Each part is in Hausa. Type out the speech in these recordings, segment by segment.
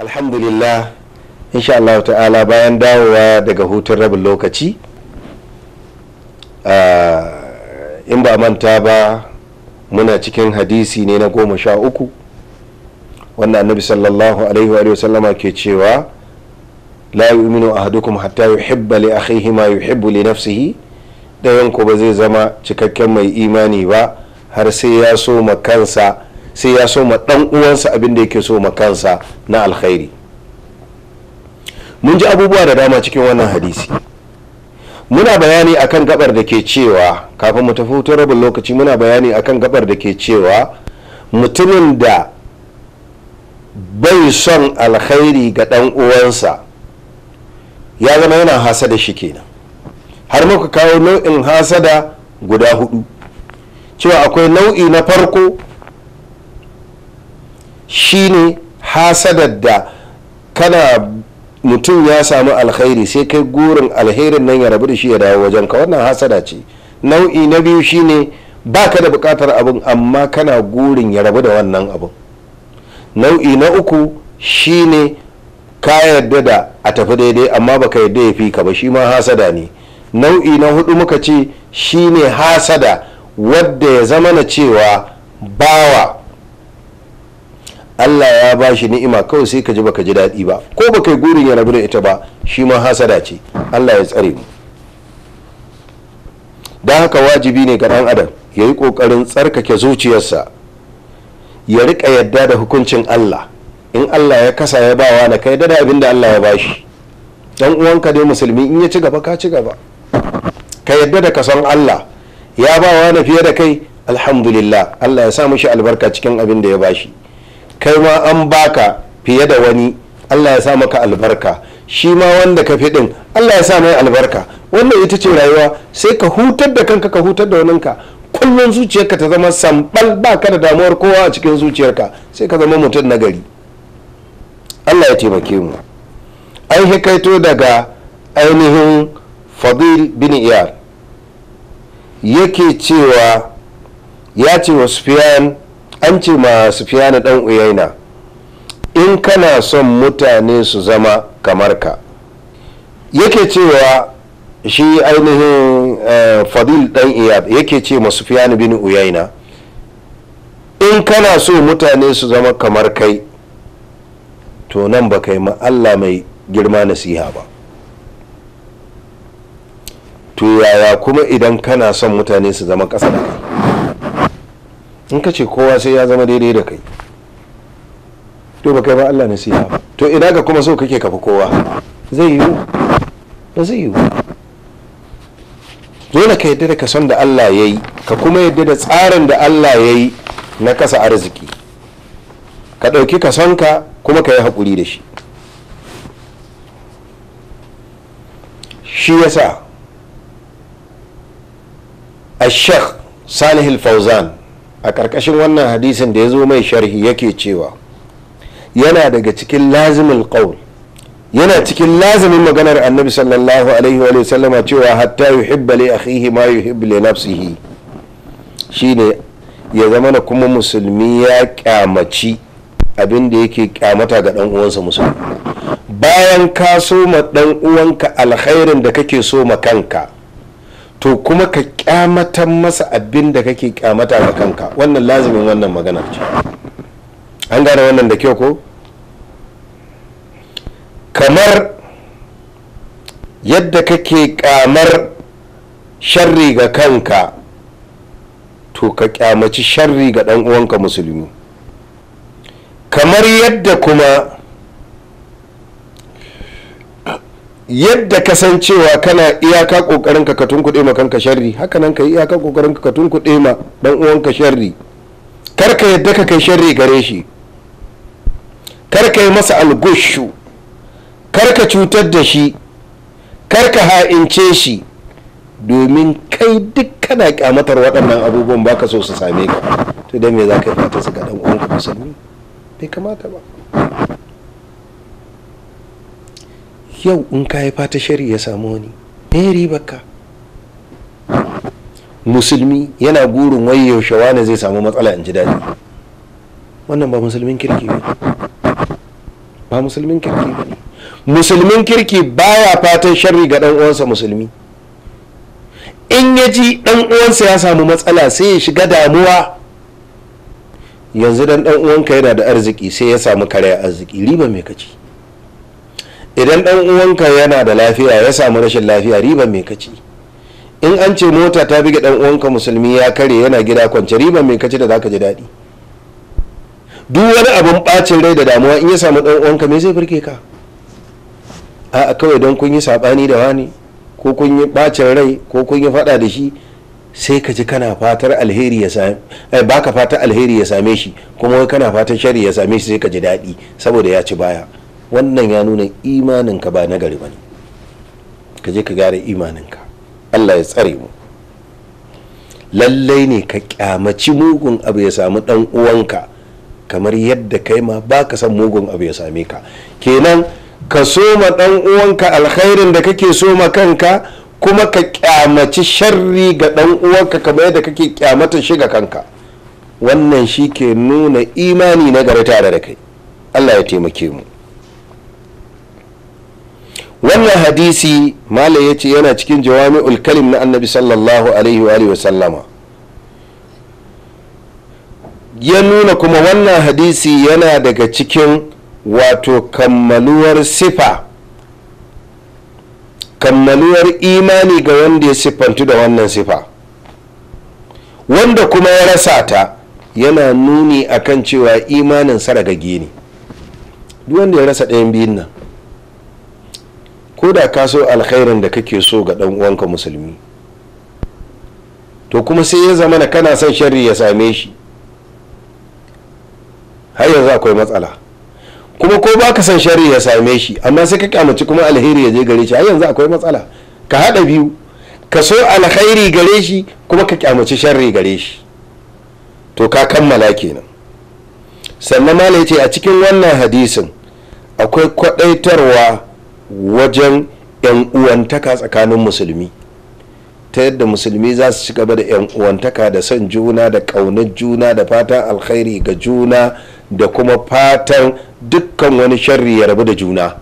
alhamdulillah insha Allah ta'ala bayan dawowa daga hutun rabin lokaci ah, in ba manta ba muna cikin hadisi ne na goma sha uku wanda annabi sallallahu alaihi wa sallama ke cewa la yu'minu ahadukum hatta yuhibba li akhihi ma yuhibbu li nafsihi dayan ko ba zai zama cikakken mai imani ba har sai ya so ma kansa sai ya so ma dan uwansa abin da yake so ma kansa na alkhairi mun ji abubuwa da dama cikin wannan hadisi muna bayani akan gabar da ke cewa kafin mu tafi hutun rabin lokaci muna bayani akan gabar da ke cewa mutumin da bai son alkhairi ga dan uwansa ya zama yana hasada shi kenan har muka kawo nau'in hasada guda hudu cewa akwai nau'i na farko shine hasadar da kana mutum ya samu alkhairi sai kai gurin alherin nan ya rabu da shi ya dawo wajen ka wannan hasada ce nau'i na biyu shine ba ka da bukatar abin amma kana gurin ya rabu da wannan abin nau'i na uku shine ka yarda da a tafi daidai amma baka yarda ya fi ka ba shi ma hasada ne nau'i na hudu muka ce shine hasada wadda ya zama na cewa bawa Allah ya ba shi ni'ima kawai sai ka ji baka ji daɗi ba ko baka yi gurin ya rabu da ita ba shi ma hasada ce Allah ya tsare mu don haka wajibi ne ga ɗan adam ya yi ƙoƙarin tsarkake zuciyarsa ya riƙa yadda da hukuncin Allah in Allah ya kasa ya bawa na kai da abin da Allah ya bashi dan uwanka dai musulmi in ya ci gaba ka ci gaba ka yadda da ka san Allah ya bawa na fiye da kai alhamdulillah Allah ya sa mishi albarka cikin abin da ya bashi kai ma an baka fiye da wani allah ya sa maka albarka shi ma wanda ka fi din allah ya sa mai albarka wannan ita ce rayuwa sai ka hutar da kanka ka hutar da waninka kullum zuciyarka ta zama sambal ba ka da damuwar kowa a cikin zuciyarka sai ka zama mutum na gari allah ya taimake mu an hikaito daga ainihin fadil bin iyar yake cewa ya ce wasu sufiyan an ce ma sufiyana dan uyaina in kana son mutane su zama kamar ka yake cewa shi ainihin eh, fadil dan iyad yake ce ma sufiyana bin uyaina in kana so mutane su zama kamar kai to nan ba kai ma allah mai girma nasiha ba to yaya kuma idan kana son mutane su zama ƙasa da kai in ka ce kowa sai ya zama daidai da kai to ba kai ba Allah nasiha ba to idan ka kuma so kake kafa kowa zai yiwu ba zai yiwu dole ka yadda da ka son da Allah ya yi ka kuma yadda da tsarin da Allah ya yi na kasa arziki ka ɗauki ka son ka kuma ka yi haƙuri da shi shi yasa a sheikh salihul fauzan a ƙarƙashin wannan hadisin da ya zo mai sharhi yake cewa yana daga cikin lazimin ƙaun yana cikin lazimin maganar annabi sallallahu alaihi wa sallama cewa hatta yuhibba li ma yuhibbu li shi shine ya zama na kuma musulmi ya kyamaci abinda da yake kyamata ga dan uwansa musulmi bayan ka so ma dan uwanka alkhairin da kake so ma kanka to kuma ka kyamatan masa abin da kake kyamata ga kanka wannan lazimin wannan magana ce an gane wannan da kyau ko kamar yadda kake kamar sharri ga kanka to ka kyamaci sharri ga ɗan'uwanka uwanka musulmi kamar yadda kuma yadda kasancewa kana iyaka kokarin ka katun kuɗe ma kanka sharri haka nan ka iyaka kokarin ka katun kuɗe ma dan uwanka sharri kar ka yadda ka kai sharri gare shi kar ka yi masa algushu kar ka cutar da shi kar ka ha'ince shi domin kai duk kana kyamatar waɗannan abubuwan baka so su same ka to dan me za ka yi fata su ga dan uwanka musulmi bai kamata ba yau in ka haifa ta shari ya samu wani me ribarka musulmi yana gurin wai yaushe wani zai samu matsala in ji daɗi wannan ba musulmin kirki ba ba musulmin kirki ba musulmin kirki baya fatan sharri ga ɗan uwansa musulmi in ya ji ɗan uwansa ya samu matsala sai ya shiga damuwa yanzu dan dan uwanka yana da arziki sai ya samu kare arziki riba mai kaci idan dan uwanka yana da lafiya ya samu rashin lafiya riba mai kaci in an ce mota ta bige dan uwanka musulmi ya kare yana gida kwance riba mai kaci da zaka ji daɗi duk wani abin bacin rai da damuwa in ya samu dan uwanka me zai burge ka a kawai don kun yi sabani da wani ko kun yi bacin rai ko kun yi fada da shi sai ka ji kana fatar alheri ya same ai eh, baka fatar alheri ya same shi kuma kana fatar shari ya same shi sai ka ji daɗi saboda ya ci baya wannan ya nuna imaninka ba nagari ba ne ka je ka gyara imaninka allah ya tsare mu lallai ne ka kyamaci mugun abu ya samu dan uwanka kamar yadda kai ma ba ka san mugun abu ya same ka kenan ka soma dan uwanka alkhairin da kake soma kanka kuma ka kyamaci sharri ga dan uwanka kamar yadda kake kyamata shi ga kanka wannan shi ke nuna imani na gari tare da kai allah ya taimake mu wannan hadisi Malam ya ce yana cikin jawami'ul kalim na annabi sallallahu alaihi wa sallama ya nuna kuma wannan hadisi yana daga cikin wato kammaluwar sifa kammaluwar imani ga wanda ya siffantu da wannan sifa wanda kuma ya rasa ta yana nuni akan cewa imanin saragage ne duk wanda ya rasa ɗayan biyun nan ko da ka so alkhairin da kake so ga dan uwanka musulmi to kuma sai ya zama na kana son sharri ya same shi har yanzu akwai matsala kuma ko ba ka son sharri ya same shi amma sai ka kyamaci kuma alheri ya je gare shi har yanzu akwai matsala ka haɗa biyu ka so alkhairi gare shi kuma ka kyamaci sharri gare shi to ka kammala kenan sannan malai ce a cikin wannan hadisin akwai kwaɗaitarwa wajen 'yan uwantaka tsakanin musulmi ta yadda musulmi za su ci gaba da 'yan uwantaka da son juna da ƙaunar juna da fatan alkhairi ga juna da kuma fatan dukkan wani sharri ya rabu da juna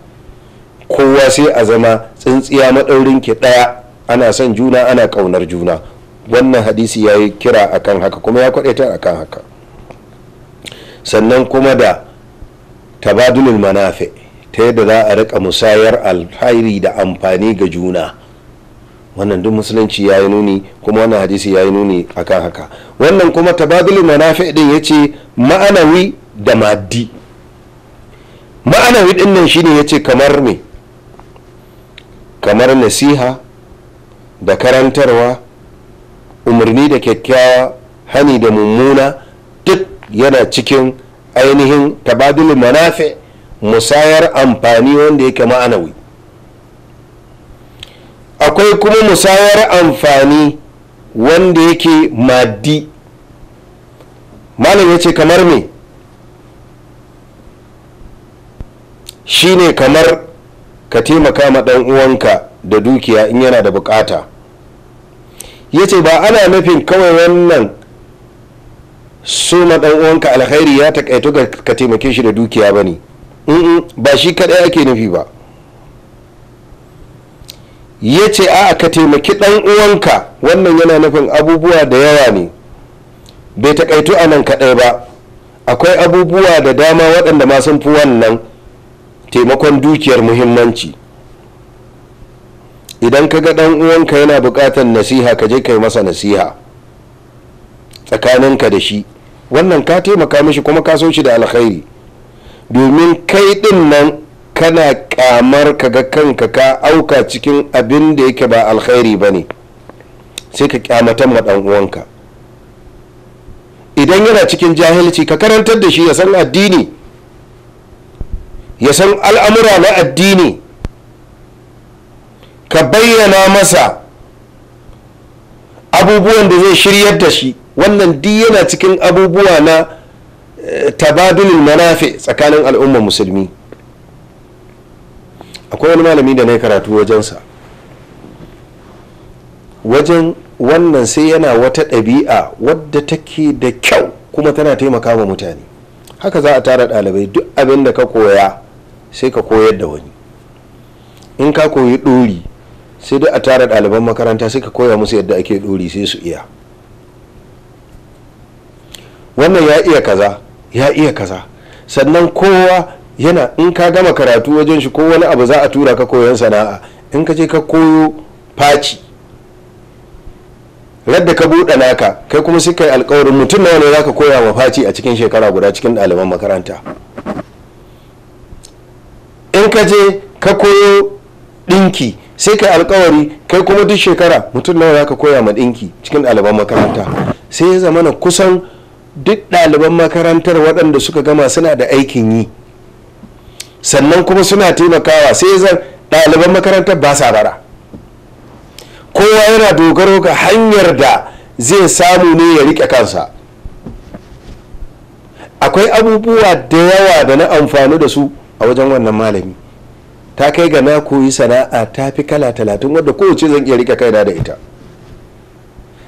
kowa sai a zama tsintsiya maɗaurin ke ɗaya ana son juna ana ƙaunar juna wannan hadisi ya yi kira a kan haka kuma ya kwaɗaita kan haka sannan kuma da tabadulul manafi' ta yadda za a rika musayar alhairi da amfani ga juna wannan duk musulunci ya yi nuni kuma wannan hadisi ya yi nuni akan haka wannan kuma tabadulul mana din ya ce ma'anawi da maddi ma'anawi din nan shine ya ce kamar me kamar nasiha da karantarwa umarni da kyakkyawa hani da mummuna duk yana cikin ainihin tabadulul manafi musayar amfani wanda yake ma'anawi akwai kuma musayar amfani wanda yake maddi malam ya ce kamar me ne kamar ka taimaka ma ɗan uwanka da dukiya in yana da bukata ya ce ba ana nufin kawai wannan so ma ɗan uwanka alkhairi ya taƙaito ka taimake shi da dukiya ba ne ba shi kadai ake nufi ba ya ce a ka taimaki ɗan uwanka wannan yana nufin abubuwa da yawa ne bai takaitu a nan kaɗai ba akwai abubuwa da dama waɗanda ma sun fi wannan taimakon dukiyar muhimmanci idan ka ga ɗan uwanka yana buƙatar nasiha ka je kai masa nasiha tsakaninka da shi wannan ka taimaka mishi kuma ka so shi da alkhairi domin kai din nan kana kamar kaga kanka ka auka cikin abin da yake ba alkhairi ba ne sai ka kyamatan ma uwanka idan yana cikin jahilci ka karantar da shi ya san addini ya san al'amura na addini ka bayyana masa abubuwan da zai shiryar da shi wannan yana cikin abubuwa na Tabadulin manafi tsakanin al'ummar musulmi akwai wani malami da na karatu wajensa wajen wannan sai yana wata ɗabi'a wadda take da kyau kuma tana taimaka wa mutane haka za a tara ɗalibai duk abin da ka koya sai ka koyar da wani in ka koyi ɗori sai duk a tara ɗaliban makaranta sai ka koya musu yadda ake ɗori sai su iya wannan ya iya kaza ya iya kaza sannan kowa yana in ka gama karatu wajen shi ko wani abu za a tura ka koyon sana'a in ka je ka koyo faci radda ka buɗe naka kai kuma sai kai alkawarin mutum nawa ne za ka koya ma faci a cikin shekara guda cikin ɗaliban makaranta in ka je ka koyo ɗinki sai kai alkawari kai kuma duk shekara mutum nawa za ka koya ma ɗinki cikin ɗaliban makaranta sai ya zamana kusan duk ɗaliban makarantar waɗanda suka gama suna da aikin yi sannan kuma suna taimakawa sai zan ɗaliban makarantar ba sa bara kowa yana dogaro ga hanyar da zai samu ne ya riƙe kansa akwai abubuwa da yawa da na amfani da su a wajen wannan malami ta kai ga na koyi sana'a ta fi kala talatin wadda kowace zan iya riƙe kaina da ita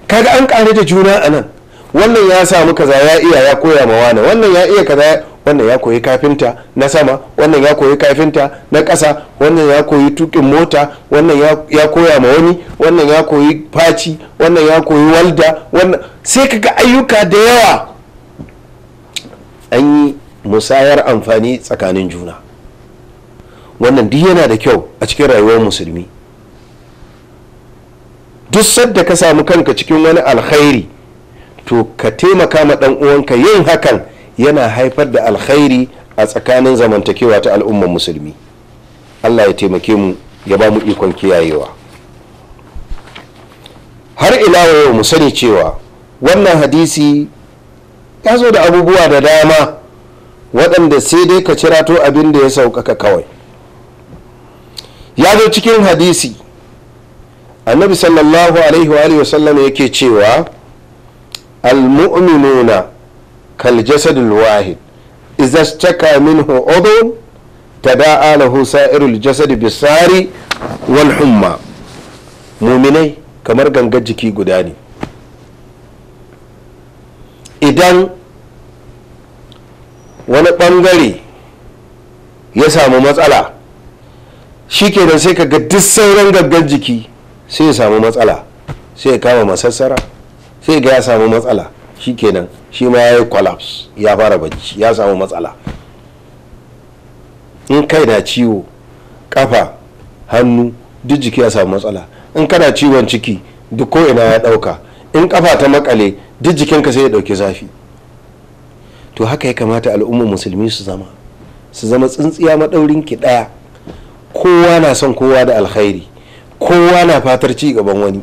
kaga an ƙare da juna a nan wannan ya samu kaza ya iya ya koya ma wani wannan ya iya kaza wannan ya koyi kafinta na sama wannan ya koyi kafinta na ƙasa wannan ya koyi tukin mota wannan ya koya ma wani wannan ya koyi faci wannan ya koyi walda wannan sai kaga ayyuka da yawa an yi musayar amfani tsakanin juna wannan duk yana da kyau a cikin rayuwar musulmi duk sadda ka samu kanka cikin wani alkhairi to ka taimaka ma dan uwanka yin hakan yana haifar da alkhairi a tsakanin zamantakewa ta al'ummar musulmi allah ya taimake mu ya ba mu ikon kiyayewa har ila yau mu sani cewa wannan hadisi ya zo da abubuwa da dama waɗanda sai dai ka cira cirato abin da ya sauƙaƙa kawai ya zo cikin hadisi annabi sallallahu alaihi wa sallam yake cewa المؤمنون كالجسد الواحد إذا اشتكى منه عضو تداعى له سائر الجسد wal والحمى muminai kamar gangar jiki guda ne idan wani ɓangare ya samu matsala shi da sai ka ga duk sauran gangar jiki sai ya samu matsala sai ya kama masassara sai ga ya samu matsala shi kenan shi ma ya yi collapse ya fara bacci ya samu matsala in kai na ciwo kafa hannu duk jiki ya samu matsala in kana ciwon ciki duk ko ina ya dauka in kafa ta makale duk jikinka sai ya dauki zafi to haka ya kamata al'ummar musulmi su zama su zama tsintsiya maɗaurin ki ɗaya kowa na son kowa da alkhairi kowa na fatar ci gaban wani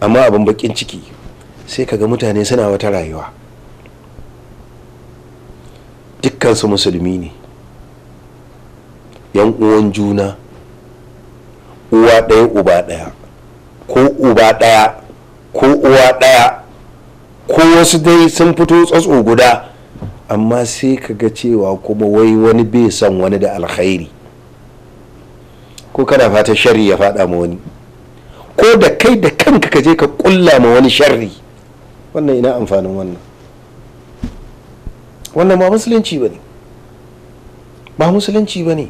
amma abin bakin ciki sai kaga mutane suna wata rayuwa dukkansu musulmi ne yan uwan juna uwa ɗaya uba ɗaya ko uba ɗaya ko uwa ɗaya ko wasu dai sun fito tsotso guda amma sai kaga cewa kuma wai wani bai son wani da alkhairi ko kana fata shari ya faɗa ma wani ko da kai da kanka ka je ka kulla ma wani sharri wannan ina amfanin wannan wannan ba musulunci ba ne ba musulunci ba ne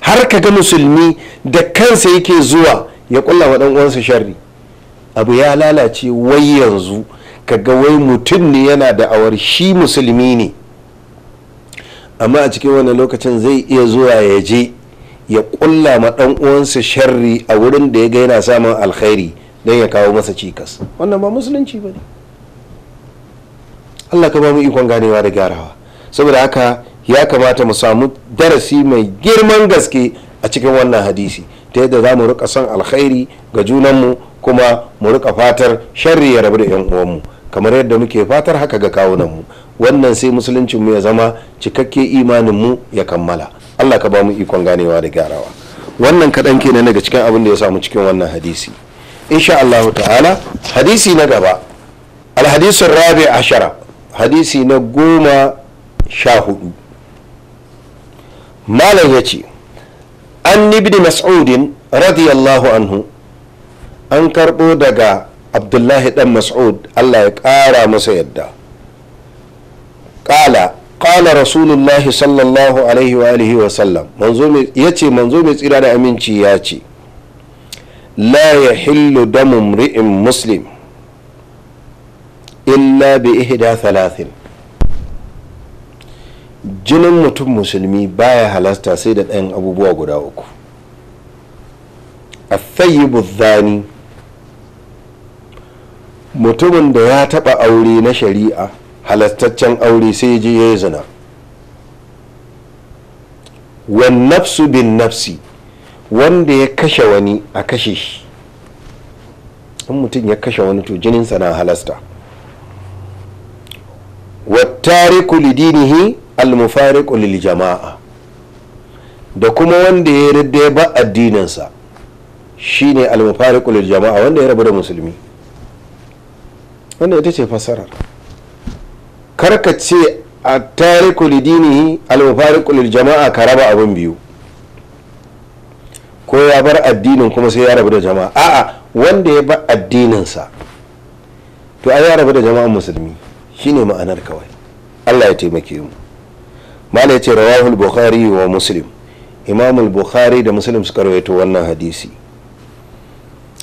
har ka ga musulmi da kansa yake zuwa ya kulla ma uwansa sharri abu ya lalace wai yanzu ka ga wai mutum ne yana da awar shi musulmi ne amma a cikin wannan lokacin zai iya zuwa ya je ya ƙulla ma dan uwansa sharri a wurin da ya ga yana samun alkhairi don ya kawo masa cikas wannan ba musulunci ba ne allah ka ba mu ikon ganewa da gyarawa saboda haka ya kamata mu samu darasi mai girman gaske a cikin wannan hadisi ta yadda za mu rika son alkhairi ga junanmu kuma mu rika fatar sharri ya rabu da 'yan uwanmu kamar yadda muke fatar haka ga kawunanmu wannan sai musuluncinmu ya zama cikakke imaninmu ya kammala Allah ka ba mu ikon ganewa da gyarawa wannan kaɗan ke kenan daga cikin abin da ya samu cikin wannan hadisi insha Allah ta'ala hadisi na gaba alhadisun rabi ashara hadisi na goma sha hudu malam ya ce an ibn mas'udin radiyallahu anhu an karɓo daga abdullahi dan mas'ud Allah ya ƙara masa yadda ƙala ƙala rasulullahi sallallahu alaihi wa alihi wa sallam ya ce manzo mai tsira da aminci ya ce la ya hillu damun ri'in muslim illa bi ihda thalathin jinin mutum musulmi baya halasta sai da ɗayan abubuwa guda uku a zani mutumin da ya taɓa aure na shari'a halastaccen aure sai ji ya yi zina wan nafsu bin nafsi wanda ya kashe wani a kashe shi in mutum ya kashe wani to jininsa na halasta wattariku lidinihi almufariku lil jama'a da kuma wanda ya rida ba addininsa shine almufariku lil jama'a wanda ya rabu da musulmi wanda ita ce fasarar karka ce a tariku lidinihi al-mufariqu lil jama'a ka raba abin biyu ko ya bar addinin kuma sai ya rabu da jama'a a'a wanda ya bar addininsa to ai ya rabu da jama'an musulmi shine ma'anar kawai Allah ya taimake mu mala ya ce rawahul bukhari wa muslim imamul bukhari da muslim suka rawaito wannan hadisi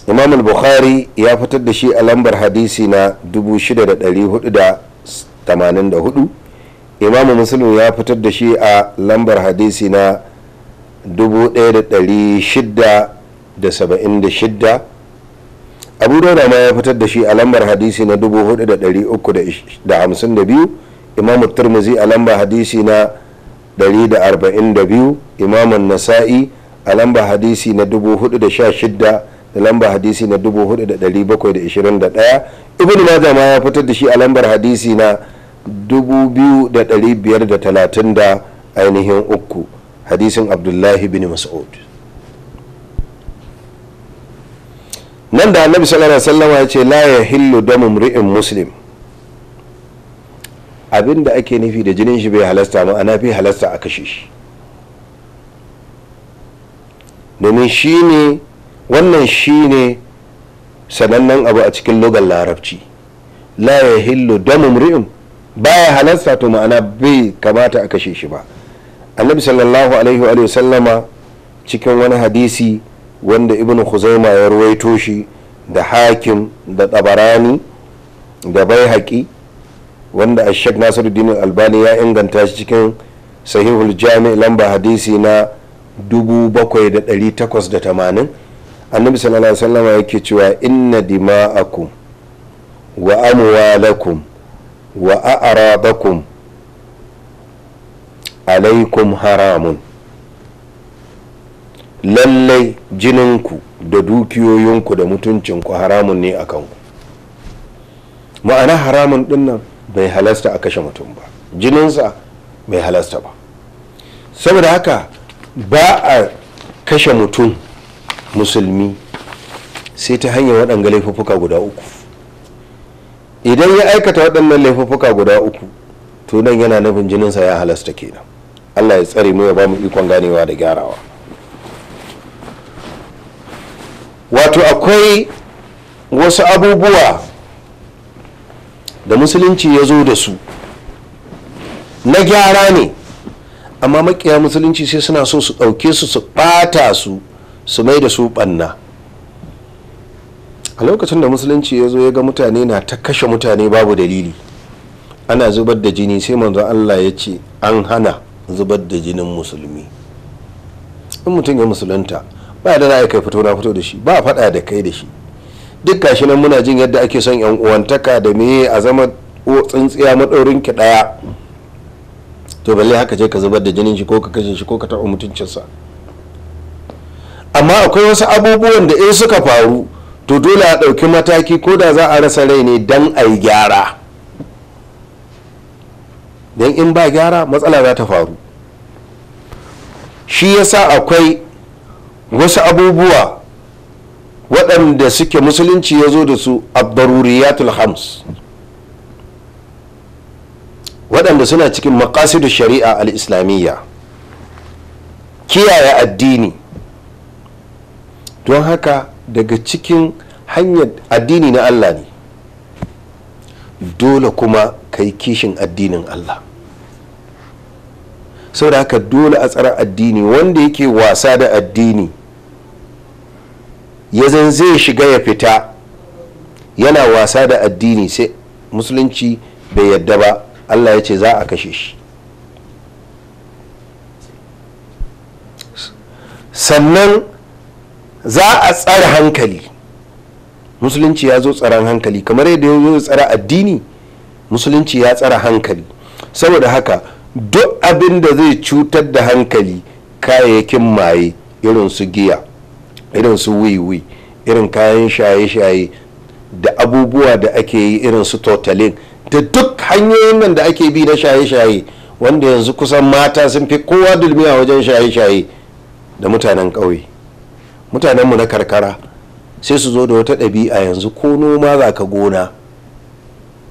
imamul bukhari ya fitar da shi a lambar hadisi na 6400 84 imamu musulun ya fitar da shi a lambar hadisi na 1676 abu dauda ma ya fitar da shi a lambar hadisi na 4352 imamu turmuzi a lambar hadisi na 142 imamun nasa'i a lambar hadisi na 416 da lambar hadisi na 4721 ibn majah ma ya fitar da shi a lambar hadisi na 2530 da ainihin uku hadisin abdullahi bin mas'ud nan da annabi sallallahu alaihi wasallam ya ce la ya hillu damu mri'in muslim abinda ake nufi da jinin shi bai halasta ma ana fi halasta a kashe shi domin shi ne wannan shi ne sanannen abu a cikin logan larabci la ya hillu damu mri'in baya halarsa to ma'ana bai kamata a kashe shi ba annabi sallallahu alaihi wa sallama cikin wani hadisi wanda ibn khuzaima ya ruwaito shi da hakim da tabarani da bai wanda ashek nasiruddin albani ya inganta shi cikin sahihul jami lamba hadisi na 7880 annabi sallallahu alaihi wa sallama yake cewa inna dima'akum wa amwalakum wa a'radakum alaikum haramun lallai jininku da dukiyoyinku da mutuncinku haramun ne a kanku ma'ana haramun dinnan bai halasta a kashe mutum ba jininsa bai halasta ba saboda haka ba a kashe mutum musulmi sai ta hanyar waɗanga laifuka-laifuka guda uku idan ya aikata waɗannan laifuffuka guda uku to nan yana nufin jininsa ya halasta kenan allah ya tsare mu ya ba mu ikon ganewa da gyarawa wato akwai wasu abubuwa da musulunci ya zo da su na gyara ne amma makiya musulunci sai suna so su ɗauke su su ɓata su su mai da su ɓanna a lokacin da musulunci ya zo ya ga mutane na ta kashe mutane babu dalili ana zubar da jini sai manzo allah ya ce an hana zubar da jinin musulmi in mutum ya musulunta ba da za kai fito na fito da shi ba faɗa da kai da shi duk gashi nan muna jin yadda ake son yan uwantaka da meye a zama tsintsiya maɗaurin ki ɗaya to balle haka je ka zubar da jinin shi ko ka kashe shi ko ka taɓa mutuncinsa amma akwai wasu abubuwan da in suka faru to dole a ɗauki mataki ko da za a rasa rai ne don a yi gyara don in ba gyara matsala za ta faru shi yasa akwai wasu abubuwa waɗanda suke musulunci ya zo da su abdaruriyatul hams waɗanda suna cikin makasidu shari'a al-islamiyya kiyaye addini don haka daga cikin hanyar addini na allah ne dole kuma ka yi kishin addinin allah saboda haka dole a tsara addini wanda yake wasa da addini ya zan zai shiga ya fita yana wasa da addini sai musulunci bai yadda ba allah ya ce za a kashe shi sannan za a tsara hankali musulunci ya zo tsaron hankali kamar yadda ya zo tsara addini musulunci ya tsara hankali saboda haka duk abin da zai cutar da hankali kayayyakin maye irin su giya irin su wiwi irin kayan shaye-shaye da abubuwa da ake yi irin su totalin da duk hanyoyin nan da ake bi na shaye-shaye wanda yanzu kusan mata sun fi kowa dulmiya wajen shaye-shaye da mutanen ƙauye mutanenmu na karkara sai su zo da wata ɗabi'a yanzu ko noma za ka gona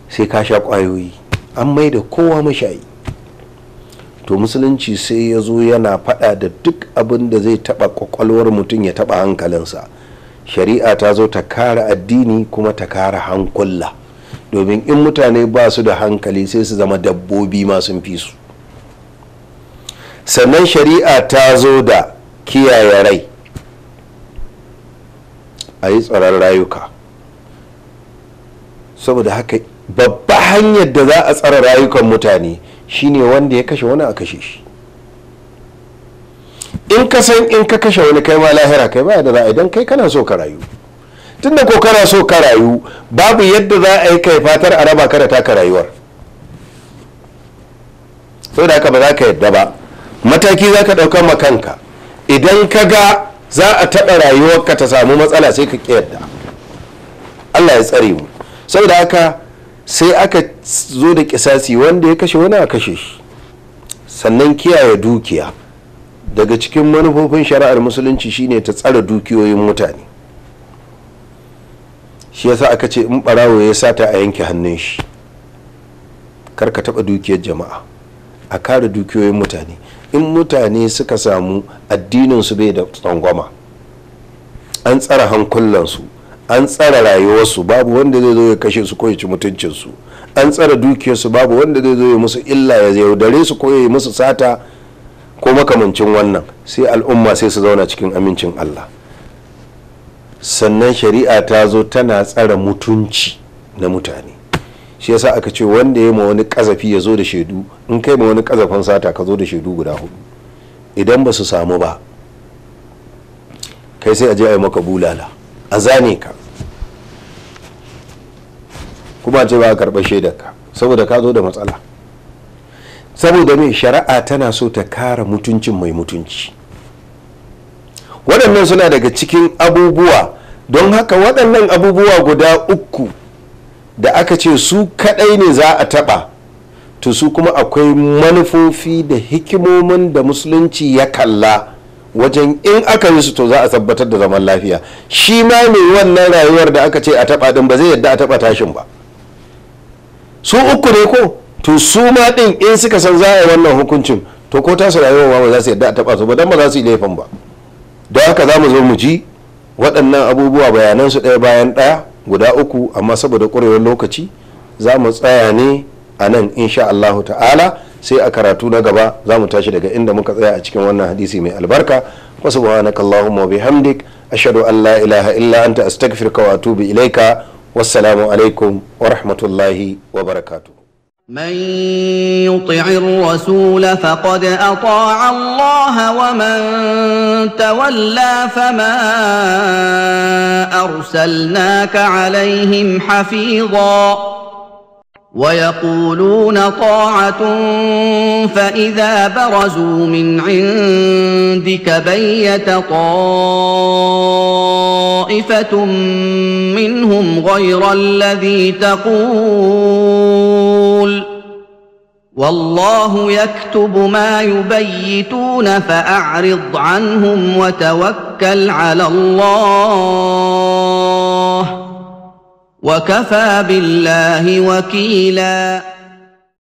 sai ka sha ƙwayoyi an mai da kowa mashayi to musulunci sai ya zo yana faɗa da duk abin da zai taɓa ƙwaƙwalwar mutum ya taɓa hankalinsa shari'a ta zo ta kara addini kuma ta kara hankula domin in mutane ba su da hankali sai su zama dabbobi masu fi su sannan shari'a ta zo da kiyaye rai a yi tsoron rayuka saboda haka babba hanyar da za a tsara rayukan mutane shine wanda ya kashe wani a kashe shi in ka san in ka kashe wani kai ma lahira kai ba da za a idan kai kana so ka rayu tunda ko kana so ka rayu babu yadda za a yi kai fatar a raba ka da taka rayuwar saboda haka ba za ka yadda ba mataki za ka ɗauka ma kanka idan ka ga za a taɓa rayuwar ka ta samu matsala sai ka yadda allah ya tsare mu saboda haka sai aka zo da kisasi wanda ya kashe wani a kashe shi sannan kiyaye dukiya daga cikin manufofin shari'ar musulunci shine ta tsara dukiyoyin mutane shi yasa aka ce in barawo ya sata a yanke hannun shi karka ka taɓa dukiyar jama'a a kare dukiyoyin mutane in mutane suka samu addininsu bai da tsangwama an tsara hankulansu an tsara rayuwarsu babu wanda zai zo ya kashe su ko ya ci mutuncinsu an tsara dukiyarsu babu wanda zai zo ya musu illa ya yaudare su ko ya yi musu sata ko makamancin wannan sai al'umma sai su zauna cikin amincin allah sannan shari'a ta zo tana tsara mutunci na mutane shi yasa aka ce wanda ya ma wani kazafi ya zo da shaidu in kai ma wani kazafin sata ka zo da shaidu guda hudu idan ba su samu ba kai sai a je a yi maka bulala a zane ka kuma ce ba a karɓar ka saboda ka zo da matsala saboda mai shari'a tana so ta kara mutuncin mai mutunci waɗannan suna daga cikin abubuwa don haka waɗannan abubuwa guda uku da aka ce su kadai ne za a taba to su kuma akwai manufofi da hikimomin da musulunci ya kalla wajen in aka yi su to za a tabbatar da zaman lafiya shi ma mai wannan rayuwar da aka ce a taba din ba zai yadda a taba tashin ba su uku ne ko to su ma din in suka san za a yi wannan hukuncin to ko tasu rayuwar ba za su yadda a taba su ba dan ba za su yi laifin ba don haka za mu zo mu ji waɗannan abubuwa bayanansu ɗaya bayan ɗaya guda uku amma saboda ƙwarewar lokaci za mu tsaya ne a nan insha Allahu ta'ala sai a karatu na gaba za mu tashi daga inda muka tsaya a cikin wannan hadisi mai albarka wa subhanaka Allahumma wa bihamdik ashhadu an la ilaha illa anta astaghfiruka wa atubu ilaika wassalamu alaikum wa rahmatullahi wa barakatuh من يطع الرسول فقد اطاع الله ومن تولى فما ارسلناك عليهم حفيظا ويقولون طاعه فاذا برزوا من عندك بيت طائفه منهم غير الذي تقول والله يكتب ما يبيتون فاعرض عنهم وتوكل على الله وكفى بالله وكيلاً